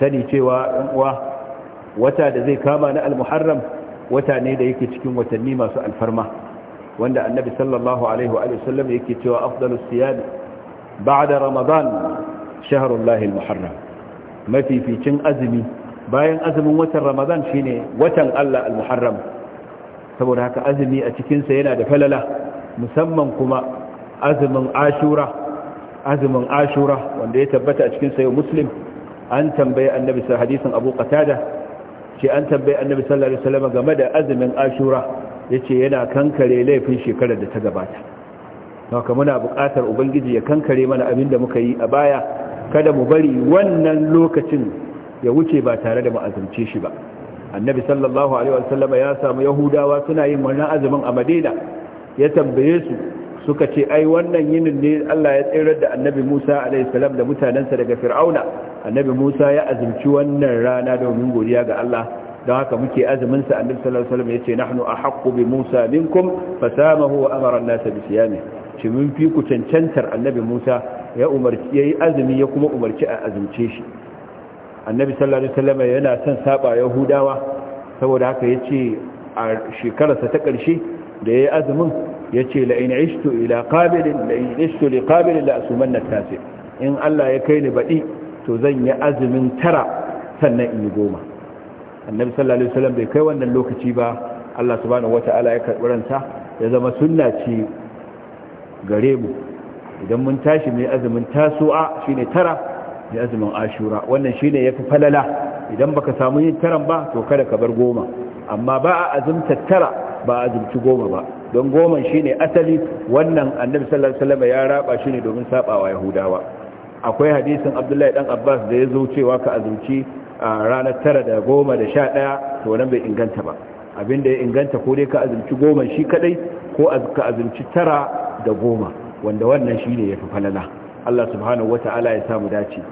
sani cewa uwa wata da zai kama na al-muharram wata ne da yake cikin watanni masu alfarma wanda annabi sallallahu alaihi wa sallam yake cewa afdalus siyam ba'da ramadan shahrullahi al-muharram mafificin azumi bayan azumin watan ramadan shine watan Allah al-muharram saboda haka azumi a cikin sa yana da falala musamman kuma azumin ashura azumin ashura wanda ya tabbata a cikin sa muslim an tambayi annabi sa hadisin abu qatada ce an tambayi annabi sallallahu alaihi wasallam game da azumin ashura yace yana kankare laifin shekarar da ta gabata haka muna buƙatar ubangiji ya kankare mana abin da muka yi a baya kada mu bari wannan lokacin ya wuce ba tare da mu azumce shi ba annabi sallallahu alaihi wasallam ya samu yahudawa suna yin wannan azumin a madina ya tambaye su suka ce ai wannan yinin ne Allah ya tsirar da annabi Musa alaihissalam da mutanensa daga fir'auna annabi Musa ya azumci wannan rana domin godiya ga Allah don haka muke azuminsa sa annabi sallallahu alaihi wasallam yace nahnu haƙƙo bi Musa minkum fasamahu wa amara an-nas bi siyami mun fi ku cancantar annabi Musa ya umarci yayi azumi ya kuma umarci a azumce shi annabi sallallahu alaihi wasallam yana son saba yahudawa saboda haka yace a shekararsa ta ƙarshe da ya yi azumin ya ce la'in ila ƙabilin la'asuman na tasi in Allah ya kai ni baɗi to zan yi azumin tara sannan in yi goma annabi sallallahu alaihi wasallam bai kai wannan lokaci ba Allah subhanahu ala ya karɓi ya zama sunna ce gare mu idan mun tashi mai azumin tasu'a shine tara mai azumin ashura wannan shine fi falala idan baka samu yin taran ba to kada ka bar goma amma ba a azumta tara ba a azumci goma ba don goma shine asali wannan annabi sallallahu alaihi ya raba shi ne domin sabawa yahudawa akwai hadisin abdullahi dan abbas da ya zo cewa ka azumci ranar tara da goma da sha ɗaya to wannan bai inganta ba abinda ya inganta ko dai ka azumci goma shi kadai ko ka azumci tara da goma wanda wannan shi shine yafi falala Allah subhanahu wata'ala ya samu dace